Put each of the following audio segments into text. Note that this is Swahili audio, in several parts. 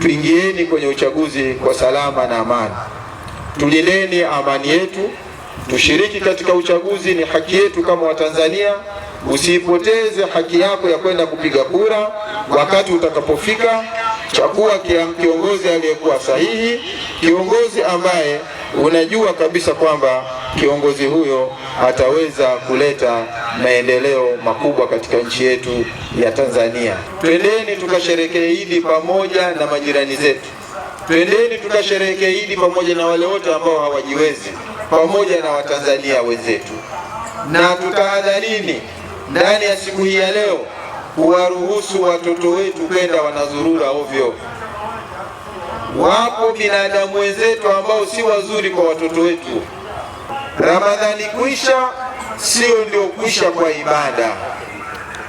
Tuingieni kwenye uchaguzi kwa salama na amani, tulindeni amani yetu, tushiriki katika uchaguzi, ni haki yetu kama Watanzania. Usipoteze haki yako ya kwenda kupiga kura. Wakati utakapofika, chagua kiongozi aliyekuwa sahihi, kiongozi ambaye unajua kabisa kwamba kiongozi huyo ataweza kuleta maendeleo makubwa katika nchi yetu ya Tanzania. Twendeni tukasherekee Idi pamoja na majirani zetu. Twendeni tukasherekee Idi pamoja na wale wote ambao hawajiwezi, pamoja na Watanzania wenzetu, na tutahadharini ndani ya siku hii ya leo kuwaruhusu watoto wetu kwenda wanazurura ovyo. Wapo binadamu wenzetu ambao si wazuri kwa watoto wetu. Ramadhani kwisha sio ndio kwisha kwa ibada.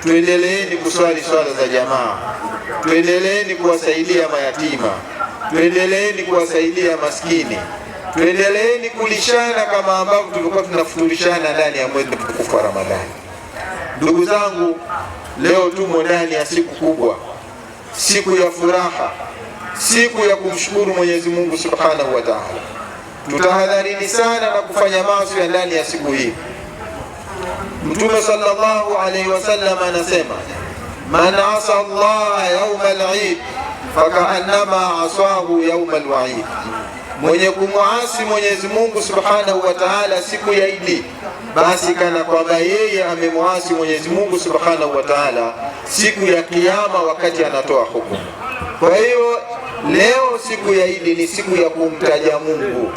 Tuendeleeni kuswali swala za jamaa, tuendeleeni kuwasaidia mayatima, tuendeleeni kuwasaidia maskini, tuendeleeni kulishana kama ambavyo tulikuwa tunafundishana ndani ya mwezi mtukufu wa Ramadhani. Ndugu zangu, leo tumo ndani ya siku kubwa, siku ya furaha, siku ya kumshukuru Mwenyezi Mungu Subhanahu wa Ta'ala tutahadharini sana na kufanya maasi ya ndani ya siku hii. Mtume sallallahu alaihi wasallam anasema man asa Allah yauma lid fakaannama asahu yauma lwaid, mwenye kumwasi Mwenyezi Mungu subhanahu wa taala siku ya Idi, basi kana kwamba yeye amemwasi Mwenyezi Mungu subhanahu wa taala siku ya Kiyama wakati anatoa hukumu. Kwa hiyo leo siku ya Idi ni siku ya kumtaja Mungu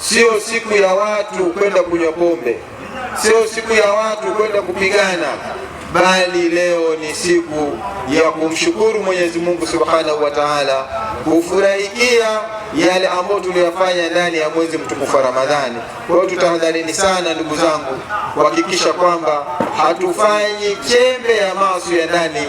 sio siku ya watu kwenda kunywa pombe, sio siku ya watu kwenda kupigana, bali leo ni siku ya kumshukuru Mwenyezi Mungu Subhanahu wa Ta'ala, kufurahikia yale ambayo tuliyafanya ndani ya mwezi mtukufu wa Ramadhani. Kwa hiyo tutahadharini sana ndugu zangu, kuhakikisha kwamba hatufanyi chembe ya maasi ya ndani.